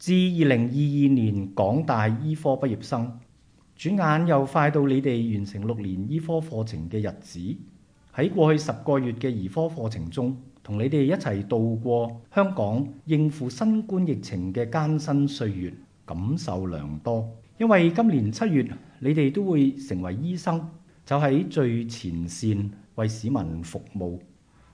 至二零二二年，港大醫科畢業生，轉眼又快到你哋完成六年醫科課程嘅日子。喺過去十個月嘅兒科課程中，同你哋一齊度過香港應付新冠疫情嘅艱辛歲月，感受良多。因為今年七月，你哋都會成為醫生，就喺最前線為市民服務，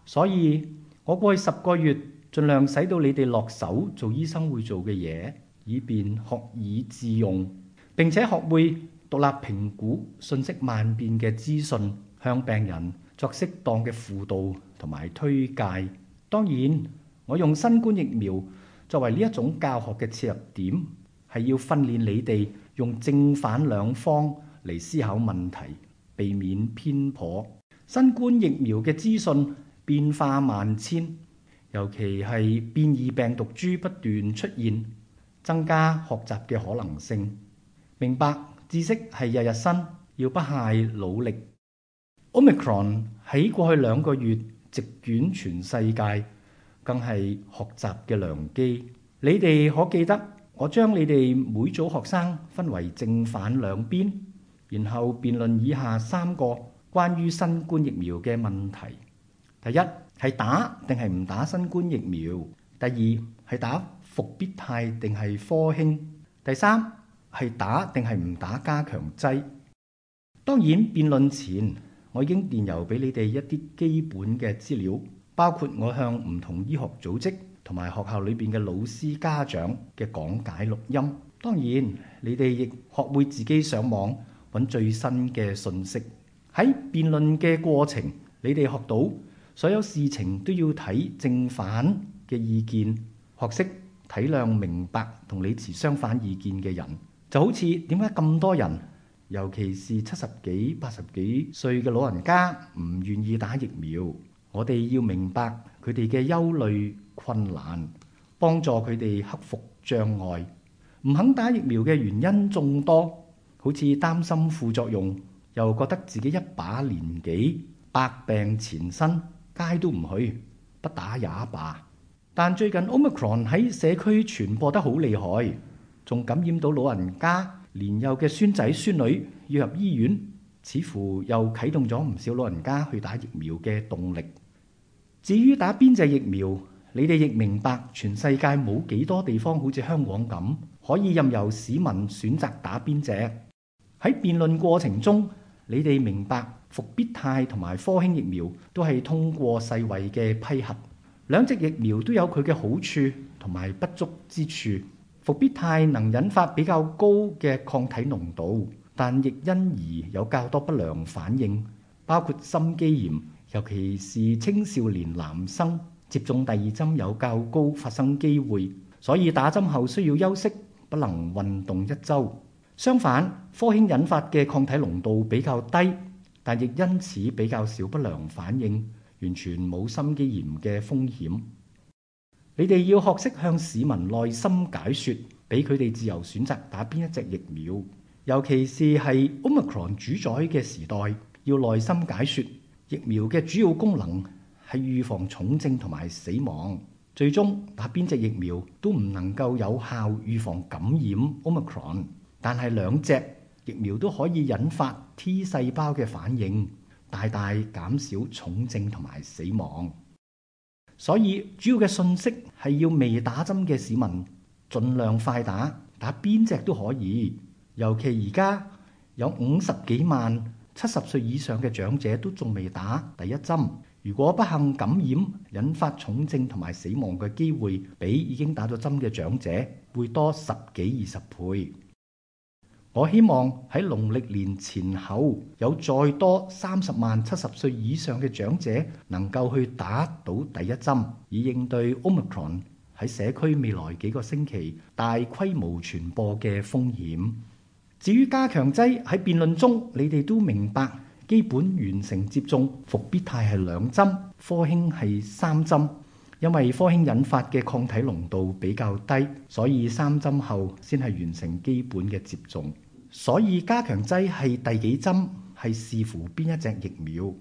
所以我過去十個月，盡量使到你哋落手做醫生會做嘅嘢，以便學以致用，並且學會獨立評估信息萬變嘅資訊，向病人作適當嘅輔導同埋推介。當然，我用新冠疫苗作為呢一種教學嘅切入點，係要訓練你哋用正反兩方嚟思考問題，避免偏頗。新冠疫苗嘅資訊變化萬千。尤其係變異病毒株不斷出現，增加學習嘅可能性。明白知識係日日新，要不懈努力。Omicron 喺過去兩個月席捲全世界，更係學習嘅良機。你哋可記得，我將你哋每組學生分為正反兩邊，然後辯論以下三個關於新冠疫苗嘅問題。第一係打定係唔打新冠疫苗，第二係打復必泰定係科興，第三係打定係唔打加強劑。當然，辯論前我已經電郵俾你哋一啲基本嘅資料，包括我向唔同醫學組織同埋學校裏邊嘅老師、家長嘅講解錄音。當然，你哋亦學會自己上網揾最新嘅信息。喺辯論嘅過程，你哋學到。所有事情都要睇正反嘅意見，學識體諒明白同你持相反意見嘅人，就好似點解咁多人，尤其是七十幾、八十幾歲嘅老人家唔願意打疫苗。我哋要明白佢哋嘅憂慮困難，幫助佢哋克服障礙。唔肯打疫苗嘅原因眾多，好似擔心副作用，又覺得自己一把年紀百病纏身。街都唔去，不打也罷。但最近 Omicron 喺社區傳播得好厲害，仲感染到老人家、年幼嘅孫仔孫女要入醫院，似乎又啟動咗唔少老人家去打疫苗嘅動力。至於打邊隻疫苗，你哋亦明白，全世界冇幾多地方好似香港咁，可以任由市民選擇打邊隻。喺辯論過程中，你哋明白。復必泰同埋科興疫苗都係通過世衛嘅批核。兩隻疫苗都有佢嘅好處同埋不足之處。復必泰能引發比較高嘅抗體濃度，但亦因而有較多不良反應，包括心肌炎，尤其是青少年男生接種第二針有較高發生機會，所以打針後需要休息，不能運動一周。相反，科興引發嘅抗體濃度比較低。但亦因此比較少不良反應，完全冇心肌炎嘅風險。你哋要學識向市民耐心解説，俾佢哋自由選擇打邊一隻疫苗。尤其係 Omicron 主宰嘅時代，要耐心解説疫苗嘅主要功能係預防重症同埋死亡。最終打邊隻疫苗都唔能夠有效預防感染 Omicron，但係兩隻疫苗都可以引發 T 細胞嘅反應，大大減少重症同埋死亡。所以主要嘅信息係要未打針嘅市民盡量快打，打邊隻都可以。尤其而家有五十幾萬七十歲以上嘅長者都仲未打第一針，如果不幸感染，引發重症同埋死亡嘅機會，比已經打咗針嘅長者會多十幾二十倍。我希望喺農曆年前後有再多三十萬七十歲以上嘅長者能夠去打到第一針，以應對 Omicron，喺社區未來幾個星期大規模傳播嘅風險。至於加強劑喺辯論中，你哋都明白基本完成接種，復必泰係兩針，科興係三針，因為科興引發嘅抗體濃度比較低，所以三針後先係完成基本嘅接種。所以加強劑係第幾針係視乎邊一隻疫苗，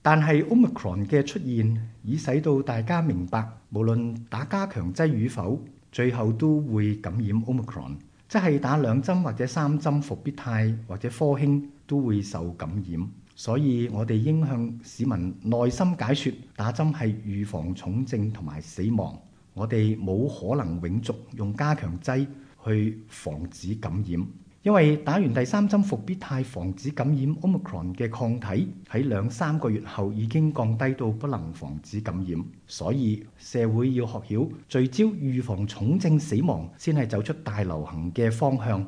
但係 Omicron 嘅出現已使到大家明白，無論打加強劑與否，最後都會感染 Omicron，即係打兩針或者三針復必泰或者科興都會受感染。所以我哋應向市民耐心解説，打針係預防重症同埋死亡。我哋冇可能永續用加強劑。去防止感染，因為打完第三針復必泰防止感染 Omicron 嘅抗體喺兩三個月後已經降低到不能防止感染，所以社會要學曉聚焦預防重症死亡先係走出大流行嘅方向。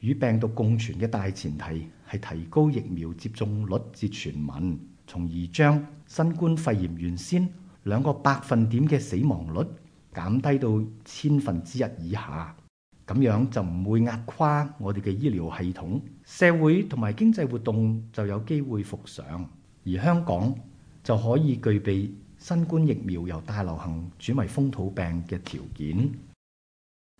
與病毒共存嘅大前提係提高疫苗接種率至全民，從而將新冠肺炎原先兩個百分點嘅死亡率減低到千分之一以下。咁樣就唔會壓垮我哋嘅醫療系統，社會同埋經濟活動就有機會復常。而香港就可以具備新冠疫苗由大流行轉為風土病嘅條件。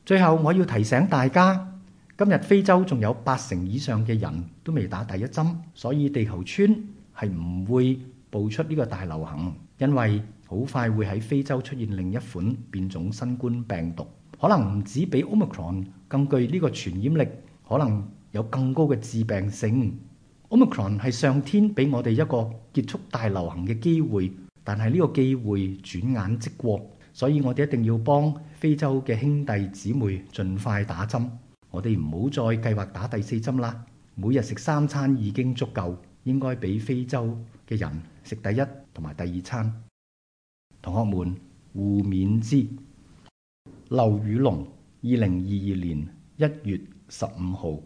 最後，我要提醒大家，今日非洲仲有八成以上嘅人都未打第一針，所以地球村係唔會步出呢個大流行，因為好快會喺非洲出現另一款變種新冠病毒。可能唔止比 Omicron 更具呢個傳染力，可能有更高嘅致病性。Omicron 係上天俾我哋一個結束大流行嘅機會，但係呢個機會轉眼即過，所以我哋一定要幫非洲嘅兄弟姊妹盡快打針。我哋唔好再計劃打第四針啦。每日食三餐已經足夠，應該俾非洲嘅人食第一同埋第二餐。同學們，互勉之。劉宇隆，二零二二年一月十五號。